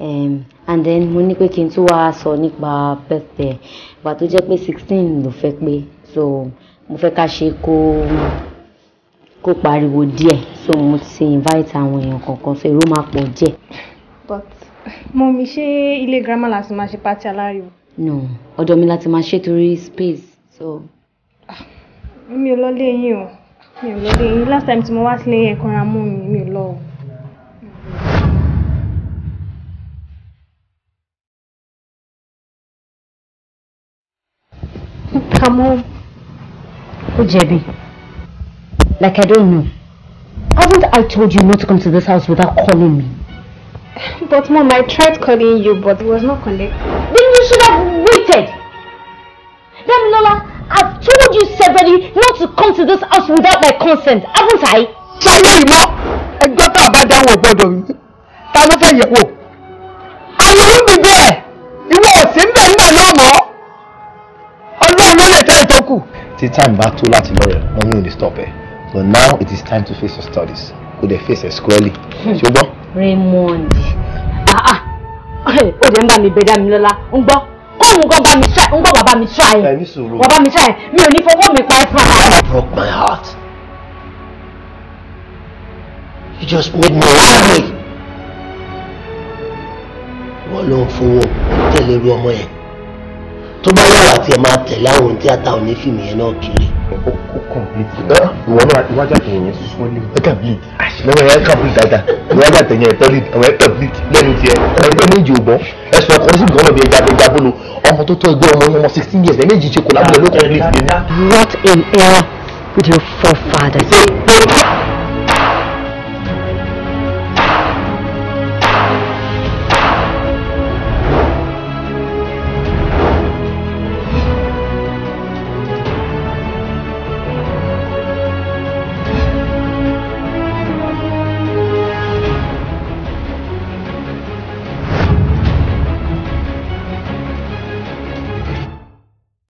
um, and then mo ní pé kí n tún wá sọ nípa birthday ìgbà tó jẹ́ pé sixteen ló fẹ́ pé so mo fẹ́ ká ṣe kó kó pariwo díẹ̀ so mo ti invite àwọn èèyàn kọ̀ọ̀kan so èrò máa pọ̀ díẹ̀. but mọ́mì ṣé ilé girama la ti máa ṣe pátí aláriwo. no ọ̀dọ̀ mi la ti máa ṣe torí space so. Ah, mi ò lọ lé yín o mi ò lọ lé yín last time tí mo wá sílé ẹ̀kọ́ ra mú mi mi ò lọ o. come home. Ó jẹ̀bi. Like I don't know. Haven't I told you not to come to this house without calling me? But mom, I tried calling you but it was not connected. Then you should have waited. Then Lola, I've told you severally not to come to this house without my consent, haven't I? Ṣé ilé ìmọ̀ ẹgbẹ́ tá a bá dáwọ́ gbọ́dọ̀ yìí? Ta ló fẹ́ yẹ̀ wò? kù. tí time bá tó láti lọ rẹ wọn mi ò lè stop ẹ but now it is time to face your studies kò dẹ̀ face ẹ squarely ṣùgbọ́n. Raymond ah ah ó dẹ̀ ń bá mi bẹ̀ dá mi lọ́la ń gbọ́ kóhun nǹkan bá mi ṣá ń gbọ́ bàbá mi ṣá ẹ̀ wọ́n bá mi ṣá mi ò ní fọwọ́ mi pa ẹ́ fún ara rẹ̀. You broke my heart you just made me angry wọ́n ló ń fowó tẹ̀lé irú ọmọ yẹn tó bá wà láti ẹ̀ máa tẹ̀lé àwọn tíátà onífìmù yẹn náà kiri. ó complete ìwọ náà iwájú àtẹ̀yìn yẹn sún lé. ẹ complete lọ́wọ́ ẹ complete dáadáa iwájú àtẹ̀yìn yẹn tọ́lì àwọn ẹ complete lẹ́nu tiẹ̀ ẹgbẹ́ méjì ò gbọ́ ẹ̀sùn ọkọ̀ sí gbọ́n bí ẹja ẹja bolo ọmọ tó tó ẹgbẹ́ ọmọ ọmọ sixteen years ẹ méjì ṣe kò lábúlẹ̀ ló in error with your forefathers.